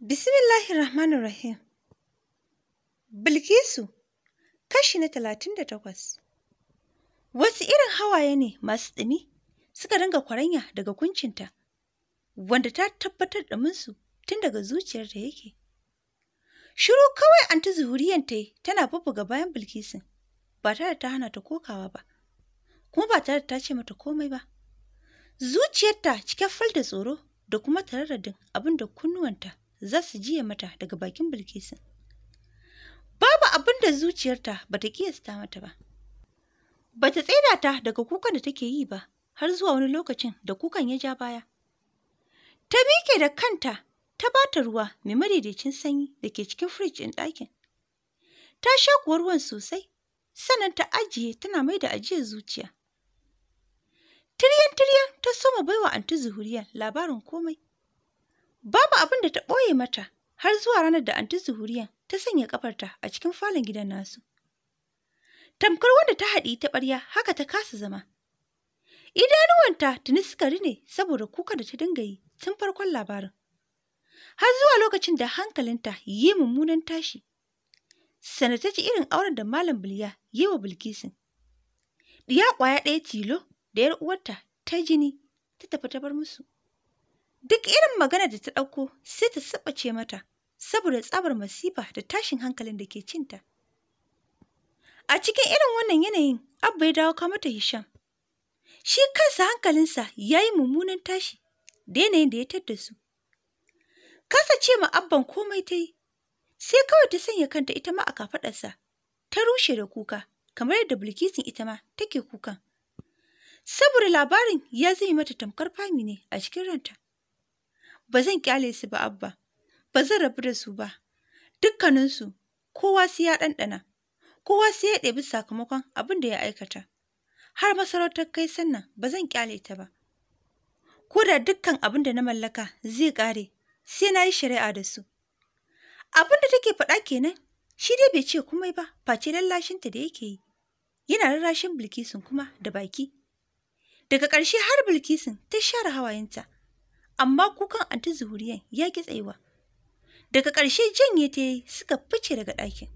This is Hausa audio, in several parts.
Bismillahirrahmanirrahim. Bilkisu, kashi na talatin da takwas. Wasu irin hawaye ne masu tsini suka ringa kwaranya daga kuncinta, wanda ta tabbatar da minsu tun daga zuciyarta yake. Shiru kawai anti zuhuriyan ta yi tana bubbuga bayan Bilkisu, ba tare da ta hana ta kokawa ba, kuma ba tare da ta ce mata komai ba. Zuciyarta cike fal da tsoro da kuma tararadin abin da kunnuwanta za su jiye mata daga bakin bilkisu babu abin da zuciyarta ba ta kiyasta mata ba ba ta tsaida ta daga kukan da take yi ba har zuwa wani lokacin da kukan ya ja baya ta miƙe da kanta ta ba ta ruwa mai madaidaicin sanyi da ke cikin firij ɗin ɗakin ta sha kuwa ruwan sosai sannan ta ajiye tana mai da ajiyar zuciya tiryan tiryan ta soma baiwa anti zuhuriya labarin komai Babu abin da ta ɓoye mata har zuwa ranar da anti Zuhuriya ta sanya ƙafarta a cikin falon gidan nasu. Tamkar wanda ta haɗi ta ɓarya haka ta kasa zama. Idanuwanta tuni suka rine saboda kuka da ta dinga yi tun farkon labarin. Har zuwa lokacin da hankalinta yi mummunan tashi. Sana ta ci irin auren da Malam Bilya yi wa Bilkisin. Diya ƙwaya ɗaya tilo da ‘yar uwarta ta jini ta tafi ta bar musu. Duk irin magana da ta ɗauko sai ta ce mata saboda tsabar masifa da tashin hankalin da ke cinta. A cikin irin wannan yanayin, Abba ya dawo ka mata Hisham. Shi kansa hankalinsa ya yi mummunan tashi da yanayin da ya tadda su. Kasa ce ma Abban komai ta yi, sai kawai ta sanya kanta ita ma a kafaɗarsa, ta rushe da kuka, kamar yadda Bilkisin ita ma take kukan. Saboda labarin ya zai mata tamkar fami ne a cikin ranta. ba zan kyale su ba abba ba zan rabu da su ba dukkaninsu kowa sai ya ɗanɗana kowa sai ya ɗebi sakamakon abin da ya aikata har masarautar kai sannan ba zan kyale ta ba ko da dukkan abin da na mallaka zai ƙare sai na yi shari'a da su abin da take faɗa kenan shi dai bai ce komai ba face lallashinta da yake yi yana rarrashin bilkisun kuma da baki daga ƙarshe har bilkisun ta share hawayenta amma kukan anti zuriyan ya ki tsayuwa. Daga ƙarshe janye ta yi suka fice daga ɗakin.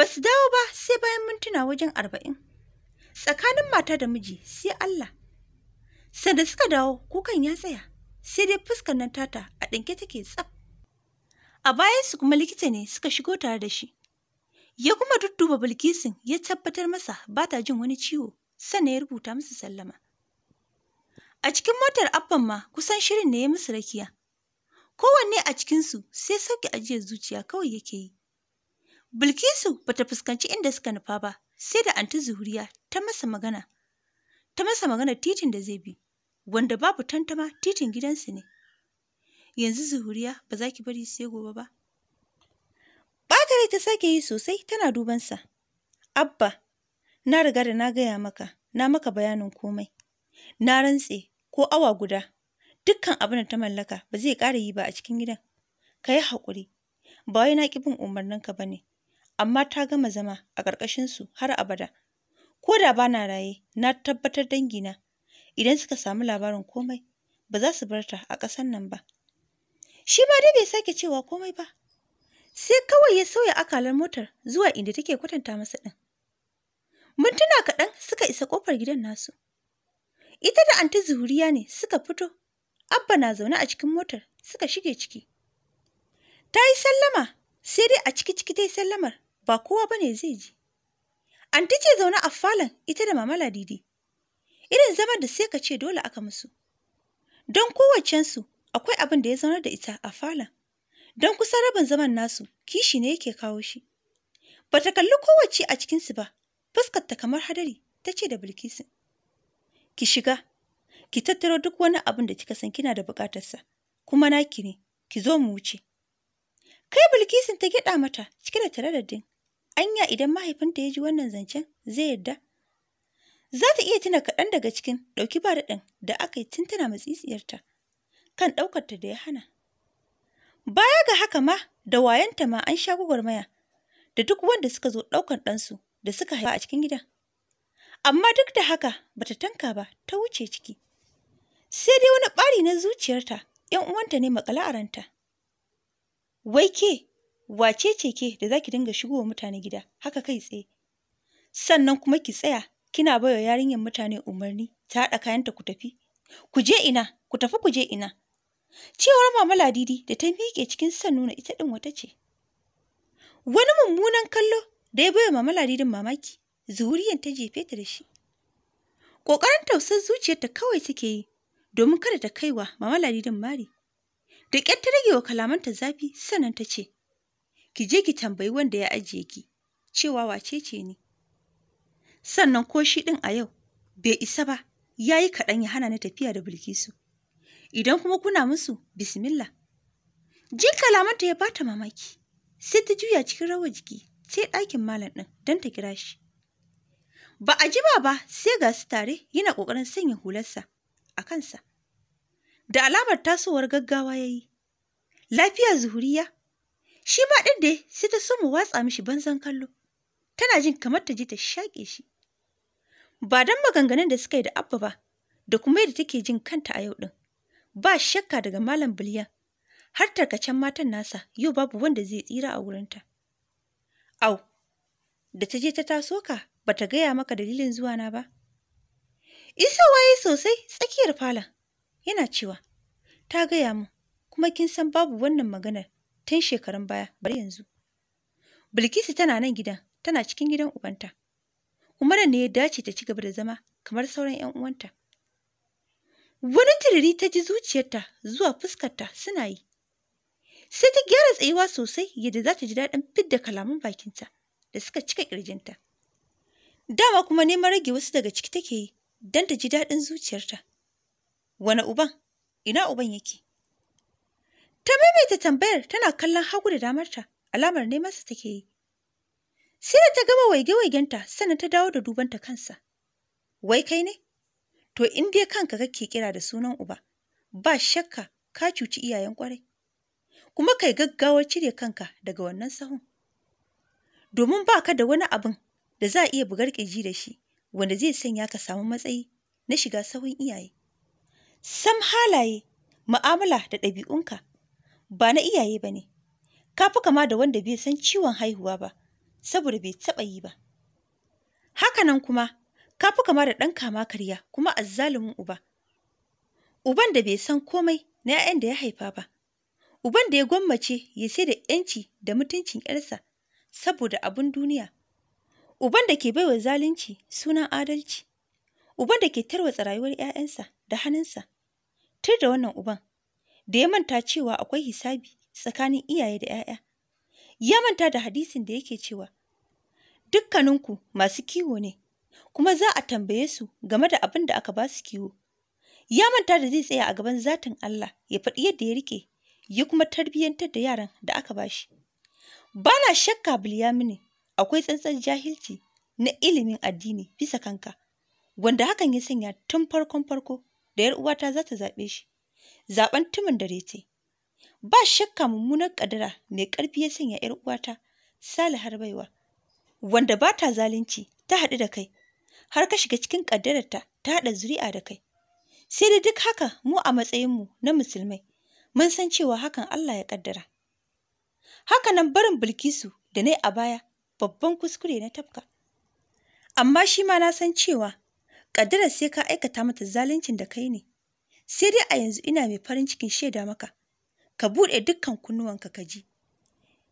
Ba su dawo ba sai bayan mintuna wajen arba'in. Tsakanin mata da miji sai Allah. Sanda suka dawo kukan ya tsaya sai dai fuskar nan tata a ɗinke take tsaf. A su kuma likita ne suka shigo tare da shi. Ya kuma dudduba Bilkisun ya tabbatar masa ba ta jin wani ciwo sannan ya rubuta musu sallama. A cikin motar abban ma kusan shirin ne ya musu rakiya. Kowanne a cikinsu sai sauke ajiyar zuciya kawai yake yi. Bilkisu bata fuskanci inda suka nufa ba, sai da anti Zuhuriya ta masa magana. Ta masa magana titin da zai bi, wanda babu tantama titin gidansu ne. Yanzu Zuhuriya ba za ki bari sai gobe ba. Batare ta sake yi sosai tana dubansa. Abba, na riga da na gaya maka, na maka bayanin komai. Na rantse ko awa guda dukkan abin da ta mallaka ba zai ƙara yi ba a cikin gidan ka yi haƙuri ba wai na ƙi bin umarninka ba ne amma ta gama zama a ƙarƙashinsu har abada ko da ba na raye na tabbatar dangina idan suka samu labarin komai ba za su bar ta a ƙasan nan ba shi ma dai bai sake cewa komai ba sai kawai ya sauya akalar motar zuwa inda take kwatanta masa ɗin mintuna kaɗan suka isa ƙofar gidan nasu Ita da anti Zuhuriya ne suka fito. Abba na zaune a cikin motar suka shige ciki. Ta yi sallama sai dai a ciki ciki ta yi sallamar ba kowa ba ne zai ji. Anti ce zaune a falon ita da mama Ladidi. Irin zaman da sai ka ce dole aka musu. Don kowacensu akwai abin da ya zaunar da ita a falon. Don kusa rabin zaman nasu kishi ne yake kawo shi. Ba ta kalli kowace a cikinsu ba, fuskarta kamar hadari ta ce da Bilkisu. ki shiga ki tattaro duk wani abin da kika san kina da bukatarsa kuma naki ne ki zo mu wuce kai bilkisin ta gida mata cike da din, anya idan mahaifinta ya ji wannan zancen zai yarda za ta iya tuna kaɗan daga cikin ɗauki ba daɗin da aka yi tun tana matsitsiyarta kan ɗaukarta da ya hana baya ga haka ma da wayanta ma an sha gwagwarmaya da duk wanda suka zo ɗaukar ɗansu da suka haifa a cikin gidan amma duk da haka ba ta tanka ba ta wuce ciki sai dai wani ɓari na zuciyarta ‘yan uwanta ne makala a ranta wai ke wace ce ke da za ki dinga shigowa mutane gida haka kai tsaye sannan kuma ki tsaya kina baiwa yarinyar mutane umarni ta haɗa kayanta ku tafi ku je ina ku tafi ku je ina cewar mama ladidi da ta miƙe cikin son nuna ita ɗin wata ce wani mummunan kallo da ya baiwa mama ladidin mamaki zuhuriyan ta jefe ta da shi ƙoƙarin tausar zuciyarta kawai take yi domin kada ta kaiwa mama ladidin mari da ƙyar ta rage wa kalamanta zafi sannan ta ce ki je ki tambayi wanda ya ajiye ki cewa wace ce ni sannan ko shi ɗin a yau bai isa ba ya yi kaɗan ya hana ni tafiya da bilkisu idan kuma kuna musu bismillah jin kalamanta ya bata mamaki sai ta juya cikin rawar jiki sai ɗakin malam ɗin don ta kira shi Ba a ji ba ba sai ga su tare yana ƙoƙarin sanya hularsa a kansa. Da alamar tasowar gaggawa ya yi, lafiya zuhuriya, shi ma ɗin da sai ta so mu watsa mishi banzan kallo, tana jin kamar ta je ta shaƙe shi. Ba don maganganun da suka yi da abba ba, da kuma yadda take jin kanta a yau ɗin, ba shakka daga malam biliyan, har tarkacen matan nasa yau babu wanda zai tsira a wurinta. Au, da ta je ta taso ka ba ta gaya maka dalilin zuwa na ba? Isa waye sosai tsakiyar falon, yana cewa, ta gaya mu, kuma kin san babu wannan maganar tun shekarun baya bari yanzu. Bilkisu tana nan gidan, tana cikin gidan ubanta. Umaru ne ya dace ta ci gaba da zama kamar sauran 'yan uwanta. Wani tiriri ta ji zuciyarta zuwa fuskarta suna yi. Sai ta gyara tsayuwa sosai yadda za ta ji daɗin fidda kalaman bakinta da suka cika ƙirjinta. Dama kuma neman rage wasu daga ciki take yi don ta ji daɗin zuciyarta. Wani uban? Ina uban yake? Ta maimaita tambayar tana kallon hagu da damarta, alamar nemansa take yi. Sai da ta gama waige-waigenta sannan ta dawo da dubanta kansa. Wai kai ne? To in dai kanka kake kira da sunan uba, ba shakka ka cuci iyayen kwarai. Kuma kai gaggawar cire kanka daga wannan sahun. Domin ba ka da wani abin da za a iya bugar ƙirji da shi wanda zai sanya ka samu matsayi na shiga sahun iyaye. Sam halaye, ma'amala da ɗabi'unka ba na iyaye ba ne, ka fi kama da wanda bai san ciwon haihuwa ba, saboda bai taɓa yi ba. Hakanan kuma, ka fi kama da ɗan kama karya kuma azzalumin uba. Uban da bai san komai na ‘ya'yan da ya haifa ba, uban da ya gwammace ya sai da ‘yanci da mutuncin ‘yarsa saboda abin duniya. Uban da ke baiwa zalunci sunan adalci, uban da ke tarwatsa rayuwar ‘ya'yansa da hannunsa, tur da wannan uban, da ya manta cewa akwai hisabi tsakanin iyaye da ‘ya'ya, ya manta da hadisin da yake cewa, Dukkaninku masu kiwo ne, kuma za a tambaye su game da abin da aka ba su kiwo. Ya manta da zai tsaya a gaban zatin Allah ya faɗi yadda ya rike ya kuma tarbiyyantar da yaran da aka ba shi. Ba na shakka Bilyamini akwai tsantsar jahilci na ilimin addini bisa kanka wanda hakan ya sanya tun farkon farko da yar uwata za ta zaɓe shi zaɓen tumin da ce ba shakka mummunar ƙadara mai ƙarfi ya sanya yar uwata har baiwa wanda ba ta zalunci ta haɗu da kai har ka shiga cikin ƙaddararta ta haɗa zuri'a da kai sai da duk haka mu a matsayinmu na musulmai mun san cewa hakan Allah ya ƙaddara hakanan barin bilkisu da na a baya babban kuskure na tafka amma shi ma na san cewa ƙaddarar sai ka aikata mata zaluncin da kai ne sai dai a yanzu ina mai farin cikin shaida maka ka buɗe dukkan kunnuwanka ka ji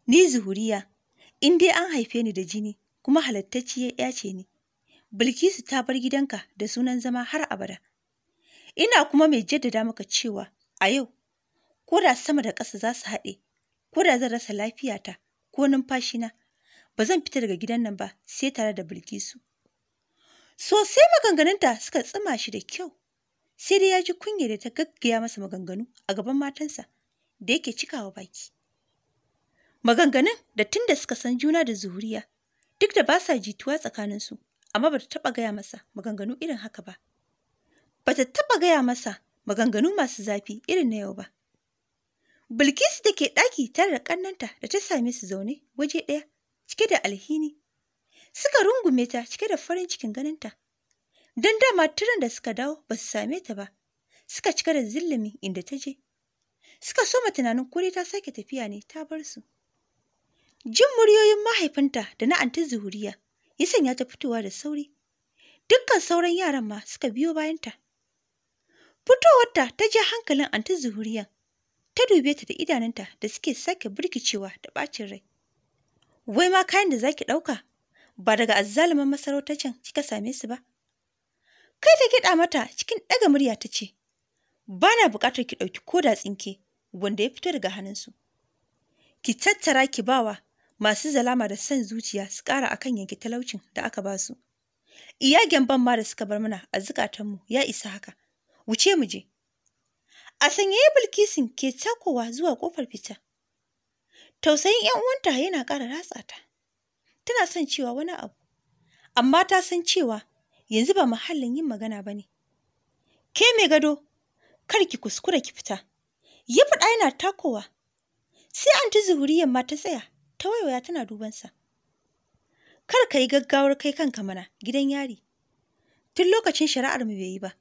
ni zuhuriya in dai an haife ni da jini kuma halattacciya ya ce ni bilkisu ta bar gidanka da sunan zama har abada ina kuma mai jaddada maka cewa a yau ko da sama da ƙasa za su haɗe ko da zan rasa lafiyata ko numfashina ba zan fita daga gidan nan ba sai tare da Bilkisu. Sosai maganganunta suka tsima shi da kyau, sai dai ya ji kunya da ta gaggaya masa maganganu a gaban matansa da yake cikawa baki. Maganganun da tun da suka san juna da zuriya, duk da ba sa jituwa tsakaninsu, amma ba ta taɓa gaya masa maganganu irin haka ba. Ba ta taɓa gaya masa maganganu masu zafi irin na yau ba. Bilkisu da ke ɗaki tare da ƙannanta da ta same su zaune waje ɗaya cike da alhini suka rungume ta cike da farin cikin ganinta don dama turan da suka dawo ba su same ta ba suka cika da zillumi inda ta je suka soma tunanin kure ta sake tafiya ne ta bar su jin muryoyin mahaifinta da na anti zuhuriya ya sanya ta fitowa da sauri dukkan sauran yaran ma suka biyo bayanta fitowarta ta je hankalin anti zuhuriya ta dube ta da idanunta da suke sake birkicewa da bacin rai wai ma kayan da za ki ɗauka ba daga azzaluman masarautacin kika same su ba. Kai ta kiɗa mata cikin ɗaga murya ta ce, ba na buƙatar ki ɗauki ko da tsinke wanda ya fito daga hannunsu. Ki tattara ki bawa masu zalama da san zuciya su ƙara akan yanki talaucin da aka ba su. Iya gyamban ma da suka bar mana a zukatanmu ya isa haka. Wuce mu je. A sanyaye Bilkisin ke takowa zuwa ƙofar fita. Tausayin ‘yan uwanta yana ƙara ratsa ta. Tana son cewa wani abu, amma ta san cewa yanzu ba muhallin yin magana ba ne. Ke mai gado, kar ki kuskura ki fita. Ya faɗa yana takowa. Sai an ta zuhuriyar ma ta tsaya, ta waiwaya tana dubansa. Kar ka yi gaggawar kai kanka mana gidan yari. Tun lokacin shari'ar mu bai yi ba.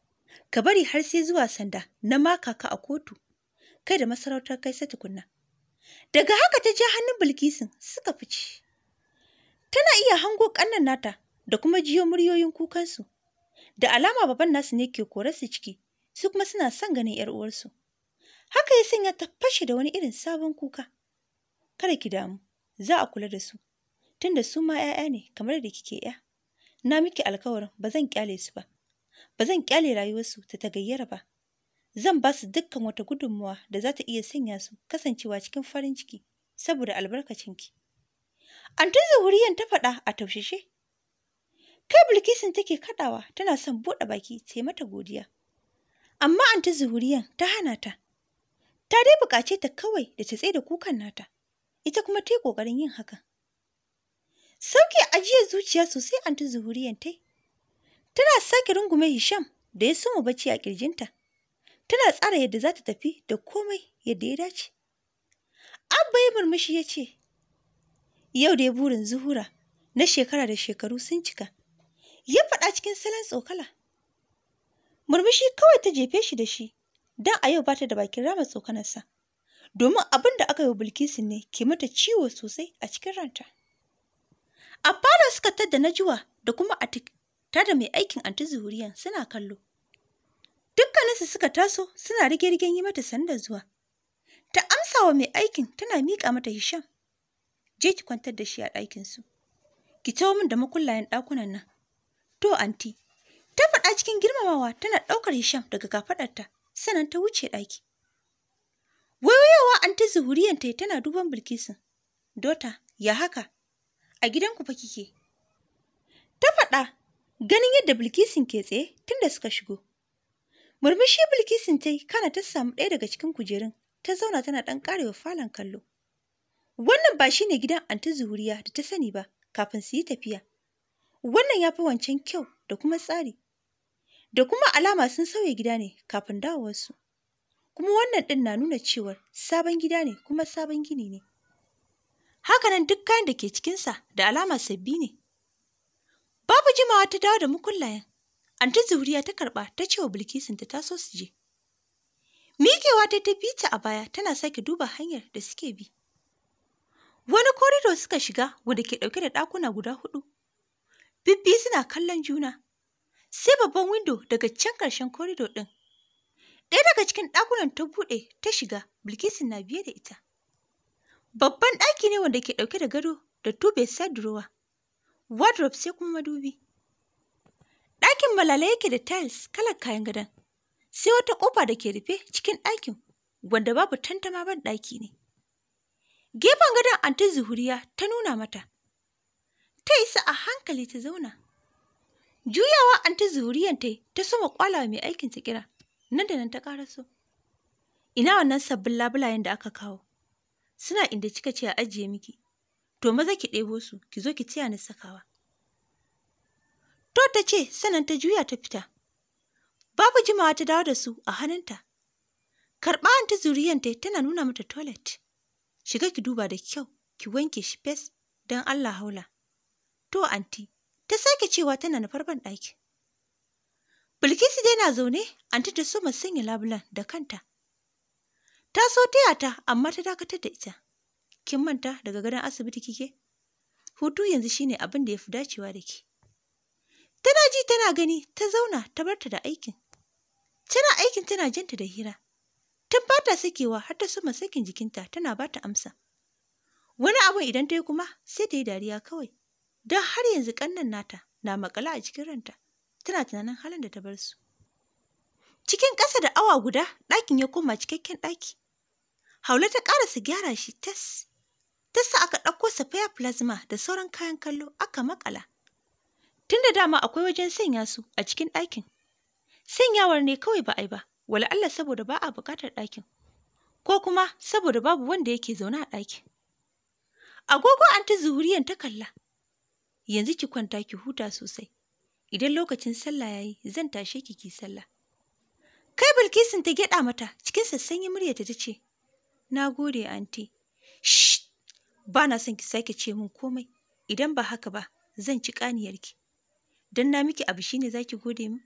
Ka bari har sai zuwa sanda na maka ka a kotu. Kai da masarautar kai sai tukunna. Daga haka ta ja hannun Bilkisun suka fice. Tana iya hango ƙannan nata da kuma jiyo muryoyin kukansu. Da alama baban nasu ne ke korarsu ciki, su kuma suna son ganin ‘yar uwarsu. Haka ya sanya ta fashe da wani irin sabon kuka. Kada ki damu, za a kula da su, tunda su ma ‘ya'ya ne kamar da kike ‘ya. Na miki alkawarin ba zan kyale su ba, ba zan kyale rayuwarsu ta tagayyara ba. zan ba su dukkan wata gudunmawa da za ta iya sanya su kasancewa cikin farin ciki saboda albarkacinki. Antin Zuhuriyan ta faɗa a taushishe. Kai Bilkisun take kaɗawa tana son buɗe baki ta mata godiya. Amma Antin Zuhuriyan ta hana ta. Ta dai buƙace ta kawai da ta tsaye da kukan nata. Ita kuma ta yi ƙoƙarin yin haka Sauke ajiye zuciya sosai Antin Zuhuriyan ta Tana sake rungume Hisham da ya suma bacci a ƙirjinta. tana tsara yadda za ta tafi da komai yadda ya dace. Abba ya murmushi ya ce, Yau da ya burin zuhura na shekara da shekaru sun cika, ya faɗa cikin salon tsokala. Murmushi kawai ta jefe shi da shi, don a yau ba ta da bakin rama tsokanarsa, domin abin da aka yi wa Bilkisu ne ke mata ciwo sosai a cikin ranta. A fara suka tadda na juwa da kuma a ta da mai aikin anti zuhuriyan suna kallo. Dukkaninsu suka taso suna rige-rigen yi mata sanda zuwa. Ta amsa wa mai aikin tana miƙa mata Hisham. Je ki kwantar da shi a ɗakinsu. Ki tawo min da makullayen ɗakunan nan. To, anti, ta faɗa cikin girmamawa tana ɗaukar Hisham daga kafaɗarta sannan ta wuce ɗaki. Wayoyawa anti zuhuriyan ta tana duban Bilkisun. Dota, ya haka? A gidanku fa kike? Ta faɗa ganin yadda Bilkisun ke tsaye tun da suka shigo. Murmushi bilkisin ta yi kana ta samu ɗaya daga cikin kujerun ta zauna tana ɗan ƙarewa falon kallo. Wannan ba shi ne gidan Anta Zuhuriya da ta sani ba kafin su yi tafiya. Wannan ya fi wancan kyau da kuma tsari. Da kuma alama sun sauya gida ne kafin dawowarsu. Kuma wannan ɗin na nuna cewar sabon gida ne kuma sabon gini ne. Hakanan duk kayan da ke cikinsa da alama sabbi ne. Babu jimawa ta dawo da mukullayen Anta Zuriya ta karɓa ta ce wa Bilkisun ta taso su je. mikewa ta tafi ta a baya tana sake duba hanyar da suke bi. Wani korido suka shiga wanda ke ɗauke da ɗakuna guda hudu. Bibbi suna kallon juna. Sai babban windo daga can ƙarshen korido ɗin. Ɗaya daga cikin ɗakunan ta buɗe ta shiga Bilkisun na biye da ita. Babban ɗaki ne wanda ke ɗauke da gado da tube sadurowa. Wardrobe sai kuma madubi. Ɗakin malalai yake da tiles kalar kayan gadon, sai wata ƙofa da ke rufe cikin ɗakin wanda babu tantama ban ɗaki ne. Gefen gadon anti Zuhuriya ta nuna mata, ta isa a hankali ta zauna. Juyawa anti Zuhuriyan ta ta soma ƙwalawa mai aikin ta kira, nan da nan ta ƙara so. Ina wannan sabbin labulayen da aka kawo, suna inda kika ce a ajiye miki, to maza ki ɗebo su, ki zo ki taya ni sakawa. Kawai ta ce sannan ta juya ta fita. Babu jimawa ta dawo da su a hannunta. Karɓa ta zuriyanta tana nuna mata toilet. Shiga ki duba da kyau, ki wanke shi fes don Allah haula. To, anti, ta sake cewa tana na farban ɗaki. Bilkisu dai na zaune, anti ta so sanya labulan da kanta. Ta so taya ta, amma ta dakatar da ita. Kin manta daga gadon asibiti kike? Hutu yanzu shine abin da ya fi dacewa da ke. Tana ji tana gani ta zauna ta barta da aikin. Tana aikin tana jinta da hira. Tun ba sakewa har ta suma sakin jikinta tana bata amsa. Wani abu idan ta yi kuma sai ta yi dariya kawai. Don har yanzu ƙannan nata na maƙala a cikin ranta. Tana tunanin halin da ta bar su. Cikin ƙasa da awa guda ɗakin ya koma cikakken ɗaki. Haula ta ƙara su gyara shi tas. Tassa aka ɗauko safaya plasma da sauran kayan kallo aka maƙala. tun da dama akwai wajen sanya su a cikin ɗakin. Sanyawar ne kawai ba a yi ba, wala Allah saboda ba a buƙatar ɗakin, ko kuma saboda babu wanda yake zaune a ɗakin. Agogo an ta zuhuriyan ta kalla, yanzu ki kwanta ki huta sosai, idan lokacin sallah ya yi zan tashe ki ki sallah. Kai Bilkisun ta gyaɗa mata cikin sassanyi murya ta ce, Na gode, anti. Shh! Ba na son ki sake ce min komai, idan ba haka ba, zan ci ƙaniyarki. don na miki abu shine zaki gode mu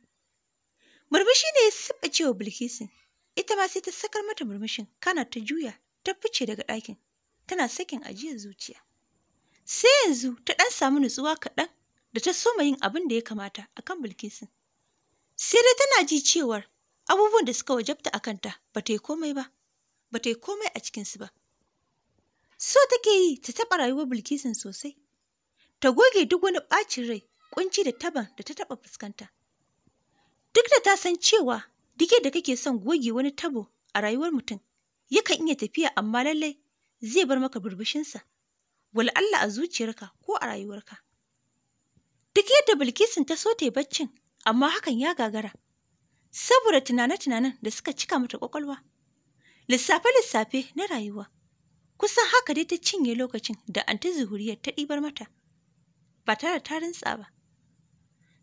murmushi ne ya saba cewa bilkisu ita ma sai ta sakar mata murmushin kana ta juya ta fice daga ɗakin tana sakin ajiyar zuciya sai yanzu ta ɗan samu nutsuwa kaɗan da ta soma yin abin da ya kamata akan bilkisu sai dai tana ji cewar abubuwan da suka wajabta a kanta ba ta yi komai ba ba ta yi komai a cikinsu ba so take yi ta taɓa rayuwar Bilkisu sosai ta goge duk wani ɓacin rai kunci da taban da ta taba fuskanta. Duk da ta san cewa dike da kake son goge wani tabo a rayuwar mutum, yakan iya tafiya amma lallai zai bar maka burbushinsa, wala Allah a zuciyarka ko a rayuwarka. Duk yadda Bilkisun ta so ta yi baccin, amma hakan ya gagara, saboda tunane-tunanen da suka cika mata kwakwalwa. Lissafe-lissafe na rayuwa, kusan haka dai ta cinye lokacin da anti zuhuriyar ta ɗibar mata, ba tare da ta rintsa ba.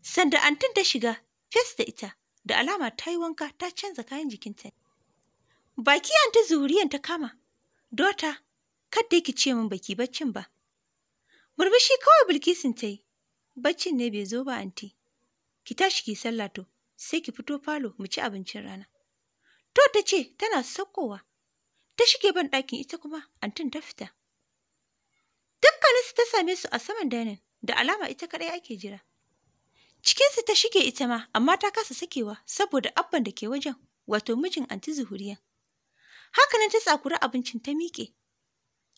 Sanda antin ta shiga, fes da ita, da alama ta yi wanka ta canza kayan jikinta. Baki anti zuriyan ta kama, dota, kadda ki ce min baki baccin ba. Murmushi kawai Bilkisin ta yi, baccin ne bai zo ba anti. Ki tashi ki sallah to, sai ki fito falo mu ci abincin rana. To ta ce tana saukowa, ta shige ban ɗakin ita kuma antin ta fita. Dukkaninsu ta same su a saman dainin da alama ita kaɗai ake jira. Cikinsu ta shige ita ma, amma ta kasa sakewa saboda abban da ke wajen, wato mijin anti zuhuriya. Hakanan ta tsakuri abincin ta miƙe.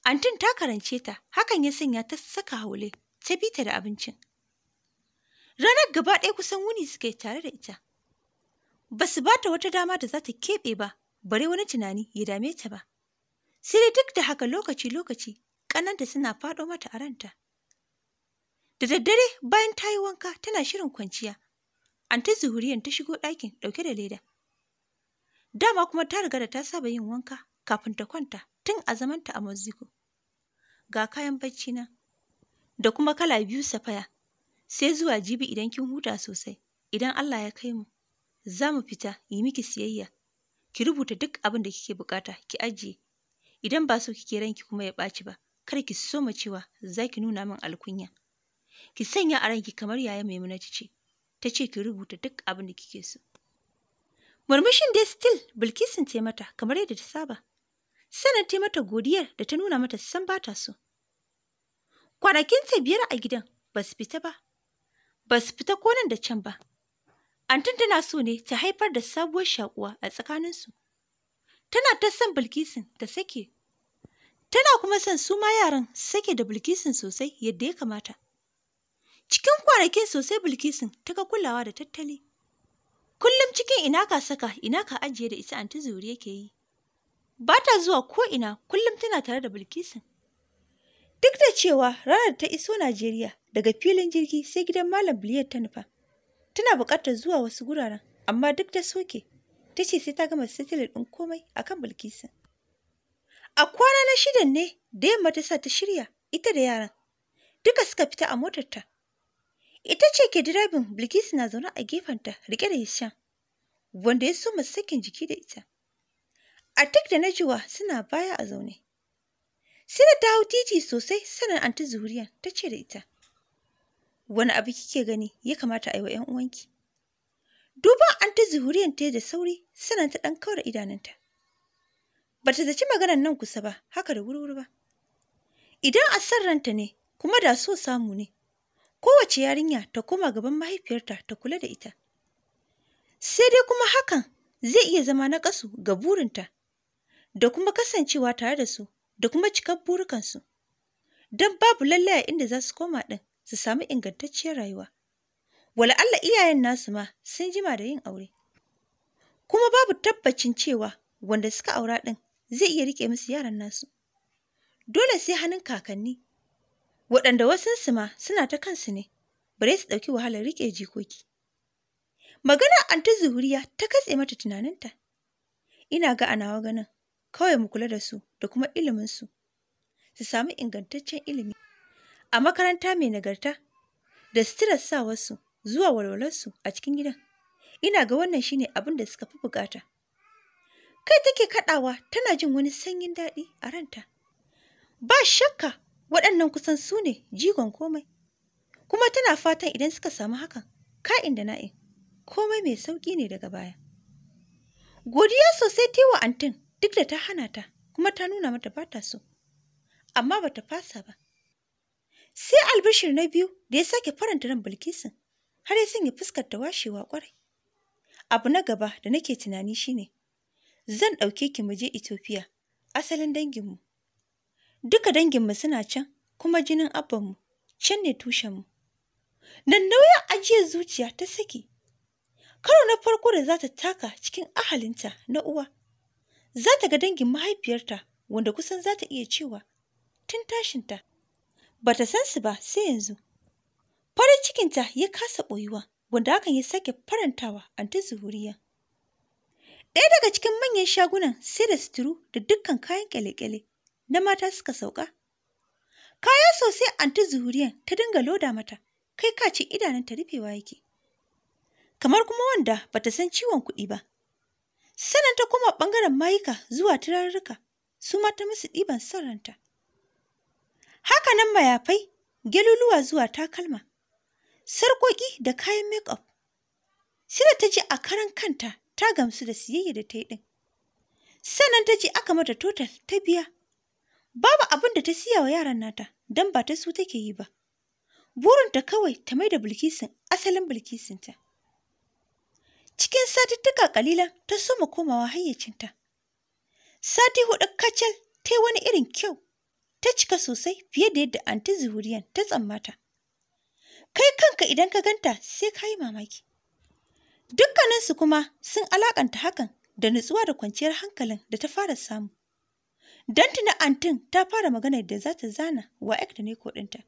Antin ta karance ta, hakan ya sanya ta saka haule, ta bi da abincin. Ranar gaba ɗaya kusan wuni suka yi tare da ita. Ba su ba ta wata dama da za ta keɓe ba, bare wani tunani ya dame ta ba. Sai dai duk da haka lokaci-lokaci, ƙananta suna faɗo mata a ranta. Da daddare bayan ta yi wanka tana shirin kwanciya, Anta Zuhuriyan ta shigo ɗakin ɗauke da leda. Dama kuma ta riga da ta saba yin wanka kafin ta kwanta tun a zamanta a Mexico. Ga kayan bacci na da kuma kala biyu safaya sai zuwa jibi idan kin huta sosai idan Allah ya kai mu za mu fita yi miki siyayya ki rubuta duk abin da kike buƙata, ki ajiye idan ba so kike ranki kuma ya ɓaci ba kar ki soma cewa za ki nuna min alkunya. ki sanya a ranki kamar yaya maimunatu ce ta ce ki rubuta duk abin da kike so murmushin dai still bilkisin ce mata kamar yadda ta saba sannan ta mata godiyar da ta nuna mata san ba ta so ta biyar a gidan ba su fita ba ba su fita ko nan da can ba antin tana so ne ta haifar da sabuwar shakuwa a tsakaninsu tana ta san bilkisin ta sake tana kuma son su ma yaran sake da bilkisin sosai yadda ya kamata Cikin kwanakin sosai Bilkisun ta ga kulawa da tattali. Kullum cikin ina ka saka ina ka ajiye da ita anti zuri yake yi. Ba ta zuwa ko ina kullum tana tare da Bilkisun. Duk da cewa ranar ta iso Najeriya daga filin jirgi sai gidan Malam Biliyar ta nufa. Tana buƙatar zuwa wasu guraren amma duk da soke. Ta ce sai ta gama sitilin ɗin komai akan Bilkisun. A kwana na shidan ne da yamma ta sa ta shirya ita da yaran. Duka suka fita a motarta. Ita ce ke direbin Bilkisu na zaune a gefenta rike da Hisham, wanda ya so soma sakin jiki da ita. Atik da Najuwa suna baya a zaune. Sai da ta hau titi sosai sanar anti Zuhuriya ta ce da ita. Wani abu kike gani ya kamata a yi wa ‘yan uwanki. Duban anti zuriya ta da sauri sanar ta ɗan kawar idanunta. Ba ta zaci maganar nan kusa ba, haka da wuri-wuri ba. Idan a san ranta ne, kuma da so samu ne, kowace yarinya ta koma gaban mahaifiyarta ta kula da ita. Sai dai kuma hakan zai iya zama na ƙasu ga burinta da kuma kasancewa tare da su da kuma cikar burukansu. Don babu lallai a inda za su koma ɗin su samu ingantacciyar rayuwa. Wala Allah iyayen nasu ma sun jima da yin aure. Kuma babu tabbacin cewa wanda suka aura ɗin zai iya riƙe musu yaran nasu. Dole sai hannun kakanni waɗanda wasansu ma suna ta kansu ne, bare su ɗauki wahalar riƙe jikoki. Magana anti zuhuriya ta katse mata tunaninta. Ina ga anawa ganin, kawai mu kula da su da kuma iliminsu, su sami ingantaccen ilimi. A makaranta mai nagarta, da sitirar sa wasu zuwa walwalarsu a cikin gidan. Ina ga wannan shine abin da suka fi bukata. Kai take kaɗawa tana jin wani sanyin daɗi a ranta. Ba shakka waɗannan kusan su ne jigon komai kuma tana fatan idan suka samu hakan ka'in da na'in komai mai sauƙi ne daga baya godiya sosai ta wa antin duk da ta hana ta kuma ta nuna mata ba ta so amma ba ta fasa ba sai albishir na biyu da ya sake faranta ran bilkisin har ya sanya fuskar ta washewa kwarai abu na gaba da nake tunani shine zan ɗauke ki mu je Ethiopia asalin danginmu duka danginmu suna can kuma jinin abbanmu can ne tushenmu nan nauyin ajiye zuciya ta saki karo na farko da za ta taka cikin ahalinta na uwa za ta ga dangin mahaifiyarta wanda kusan za ta iya cewa tun tashinta ba ta san su ba sai yanzu farin cikinta ya kasa ɓoyuwa wanda hakan ya sake farantawa a ta zuhuriya ɗaya daga cikin manyan shagunan sai da suturu da dukkan kayan ƙyale-ƙyale. na mata suka sauka. Kaya sosai anti zuhuriyan ta dinga loda mata, kai ka ce ta rufewa yake. Kamar kuma wanda bata san ciwon kuɗi ba. sanan ta koma ɓangaren mayuka zuwa turarruka, su ma ta musu ɗiban son Haka nan mayafai, geluluwa zuwa takalma, sarƙoƙi da kayan make-up. ta ji a karan kanta ta gamsu da siyayya da ta yi ɗin. Sannan ta ji aka mata total ta biya Babu abin da ta siya wa yaran nata don ba ta su take yi ba. Burinta kawai ta mai da Bilkisin asalin Bilkisinta. Cikin satuttuka kalilan ta soma komawa hayyacinta. Sati hudu kacal ta yi wani irin kyau, ta cika sosai fiye da yadda anti zuhuriyan ta tsammata. Kai kanka idan ka ganta sai ka yi mamaki. Dukkaninsu kuma sun alakanta hakan da nutsuwa da kwanciyar hankalin da ta fara samu. don tuna antin ta fara magana da za ta zana wa da ne ɗinta.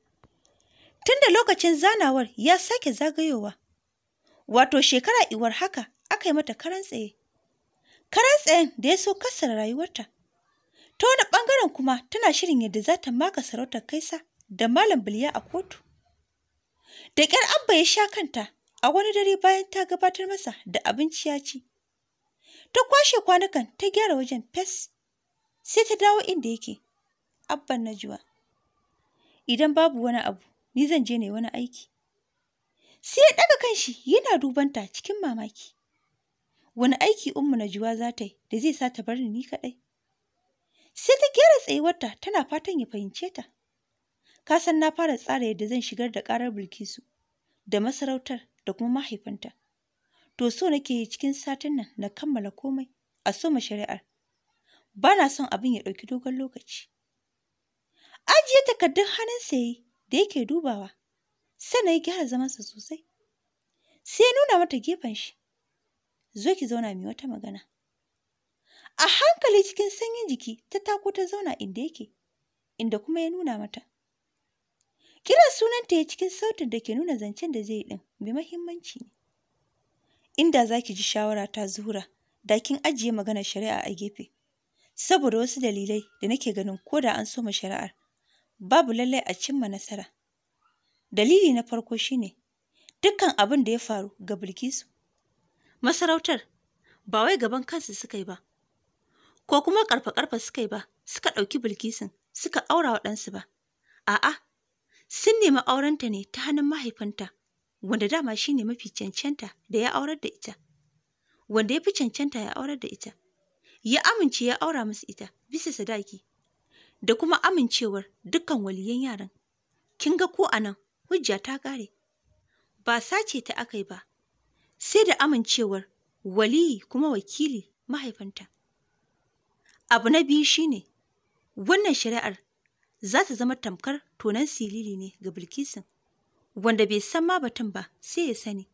Tun da lokacin zanawar ya sake zagayowa, wato shekara iwar haka aka yi mata karan tsaye. Karan tsayen da ya so kassara rayuwarta. Ta wani ɓangaren kuma tana shirin yadda za ta maka sarautar kaisa da Malam Biliya a kotu. Da ƙyar Abba ya sha kanta a wani dare bayan ta gabatar masa da abinci ya ci. Ta kwashe kwanukan ta gyara wajen fes sai ta dawo inda yake abban najuwa idan babu wani abu ni zan je ne wani aiki sai ya daga kanshi yana dubanta cikin mamaki wani aiki ummu najuwa za ta yi da zai sa ta bar ni kadai? sai ta gyara tsayuwarta tana fatan ya fahimce ta ka san na fara tsara yadda zan shigar da karar bilkisu da masarautar da kuma mahaifinta to so nake yi cikin satin nan na kammala komai a soma shari'ar ba na son abin ya ɗauki dogon lokaci. Ajiye takardun hannunsa yayi da yake dubawa, sana yi gyara zamansa sosai. Sai ya nuna mata gefen shi, zo ki zauna mai wata magana. A hankali cikin sanyin jiki ta tako ta zauna inda yake, inda kuma ya nuna mata. Kira sunanta ya cikin sautin da ke nuna zancen da zai yi ɗin mai mahimmanci ne. Inda za ki ji shawara ta zura, da kin ajiye maganar shari'a a gefe. saboda wasu dalilai da nake ganin ko da an soma shari'ar babu lallai a cimma nasara. Dalili na farko shine dukkan abin da ya faru ga Bilkisu. Masarautar ba wai gaban kansu suka yi ba, ko kuma ƙarfa-ƙarfa suka yi ba, suka ɗauki Bilkisun suka aura wa ɗansu ba. A'a, sun nemi aurenta ne ta hannun mahaifinta, wanda dama shine mafi cancanta da ya aurar da ita, wanda ya fi cancanta ya aurar da ita. ya amince ya aura musu ita bisa sadaki da kuma amincewar dukkan waliyan yaran. Kin ga ko anan hujja ta kare. Ba sace ta aka yi ba, sai da amincewar waliyi kuma wakili mahaifanta. Abu na biyu shine wannan shari'ar za ta zama tamkar tonan silili ne ga bilkisin wanda bai san ma batun ba sai ya sani.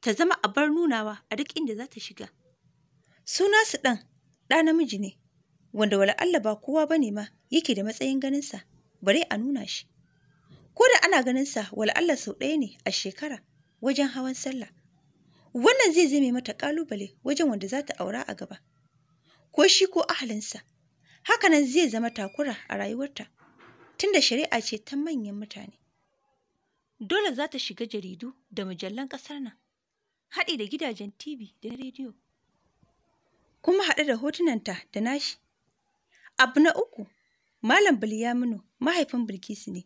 Ta zama a bar nunawa a duk inda za ta shiga. Suna su ɗan ɗa namiji ne, wanda wala Allah ba kowa ba ne ma yake da matsayin ganinsa, bare a nuna shi. Ko da ana ganinsa wala Allah sau ɗaya ne a shekara wajen hawan sallah. Wannan zai zame mata ƙalubale wajen wanda za ta aura a gaba. Ko shi ko ahalinsa, hakanan zai zama takura a rayuwarta, tunda shari'a ce ta manyan mutane. Dole za ta shiga jaridu da mujallan ƙasar nan, haɗi da gidajen TV da rediyo. kuma haɗe da hotunanta da nashi. Abu na uku, Malam Bilyaminu mahaifin Bilkisu ne.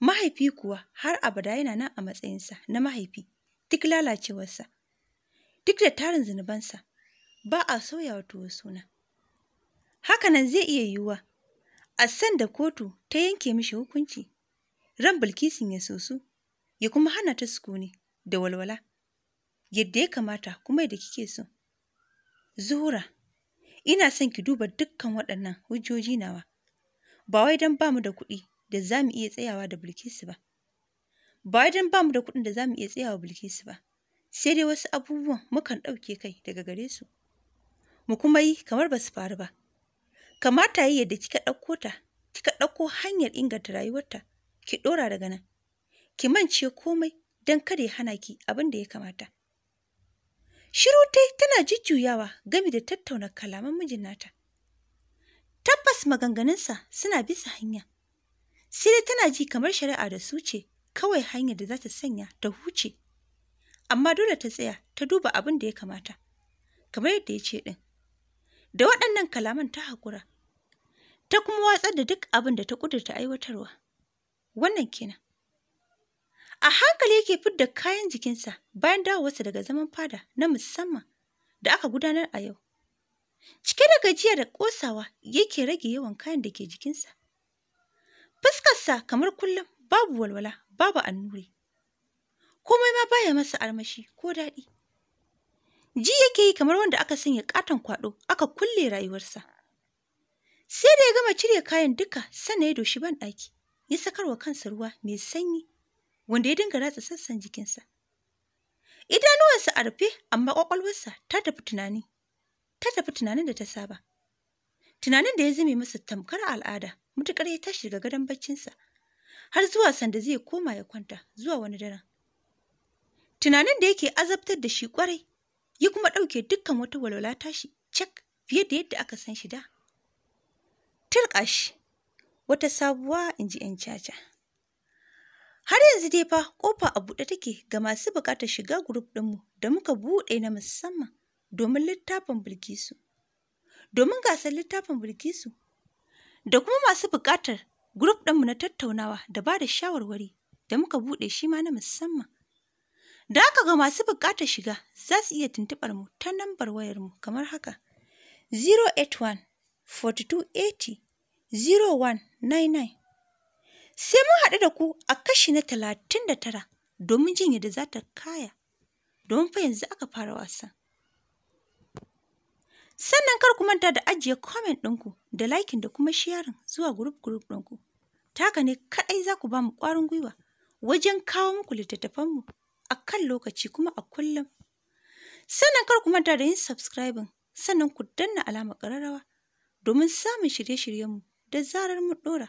Mahaifi kuwa har abada yana nan a matsayinsa na mahaifi, duk lalacewarsa, duk da tarin zunubansa, ba a sauya wa tuwo suna. Hakanan zai iya yiwuwa, a san da kotu ta yanke mishi hukunci, ran Bilkisu ya sosu, ya kuma hana ta sukuni da walwala, yadda ya kamata kuma yadda kike so. Zura, ina son ki duba dukkan waɗannan hujjoji nawa, ba wai don ba mu da kuɗi da za mu iya tsayawa da Bilkisu ba, ba wai don ba mu da kuɗin da za mu iya tsayawa Bilkisu ba, sai dai wasu abubuwan mukan ɗauke kai daga gare su, mu kuma yi kamar ba su faru ba. Kamata yi yadda kika ɗauko ta, kika ɗauko hanyar inganta rayuwarta, ki ɗora daga nan, ki mance komai don kada ya hana ki abin da ya kamata. Shiru tai tana jujjuyawa gami da tattauna kalaman mijin nata. Tabbas maganganunsa suna bisa hanya. Sai dai tana ji kamar shari'a da su ce kawai hanyar da za ta sanya ta huce. Amma dole ta tsaya ta duba abin da ya kamata, kamar yadda ya ce ɗin. Da waɗannan kalaman ta haƙura, ta kuma watsar da duk abin da ta ƙudurta aiwatarwa. Wannan kenan. A hankali yake fidda kayan jikinsa bayan dawowarsa daga zaman fada na musamman da aka gudanar a yau. Cike da gajiya da ƙosawa yake rage yawan kayan da ke jikinsa. Fuskarsa kamar kullum babu walwala, babu annuri. Komai ma baya masa armashi ko daɗi. Ji yake yi kamar wanda aka sanya ƙaton kwaɗo aka kulle rayuwarsa. Sai da ya gama cire kayan duka sannan ya doshi ban ɗaki, ya sakarwa kansa ruwa mai sanyi wanda ya dinga ratsa sassan jikinsa. Idanuwansa a rufe amma ƙwaƙwalwarsa ta tafi tunani, ta tafi tunanin da ta saba. Tunanin da ya zame masa tamkar al'ada mutuƙar ya tashi daga gadon baccinsa har zuwa sanda zai koma ya kwanta zuwa wani daren. Tunanin da yake azabtar da shi ƙwarai ya kuma ɗauke dukkan wata walwala tashi cak fiye da yadda aka san shi da. Tirƙa shi, wata sabuwa in ji ‘yan caca. Har yanzu dai fa kofa a buɗe take ga masu buƙatar shiga grup ɗinmu da muka buɗe na musamman domin littafin Bilkisu. Domin gasar littafin Bilkisu da kuma masu buƙatar grup ɗinmu na tattaunawa da ba da shawarwari da muka buɗe shi ma na musamman. Da haka ga masu buƙatar shiga za su iya tuntuɓar mu ta lambar wayarmu kamar haka 081 4280 0199 Sai mun haɗu da ku a kashi na talatin da tara domin jin yadda za ta kaya, domin fa yanzu aka fara wasan. Sannan kar ku manta da ajiye comment ɗinku da liking da kuma sharing zuwa group group ɗinku. Ta haka ne kaɗai za ku ba mu ƙwarin gwiwa wajen kawo muku littattafanmu a kan lokaci kuma a kullum. Sannan kar ku manta da yin subscribing sannan ku danna alamar ƙararrawa domin samun shirye-shiryenmu da zarar mu ɗora.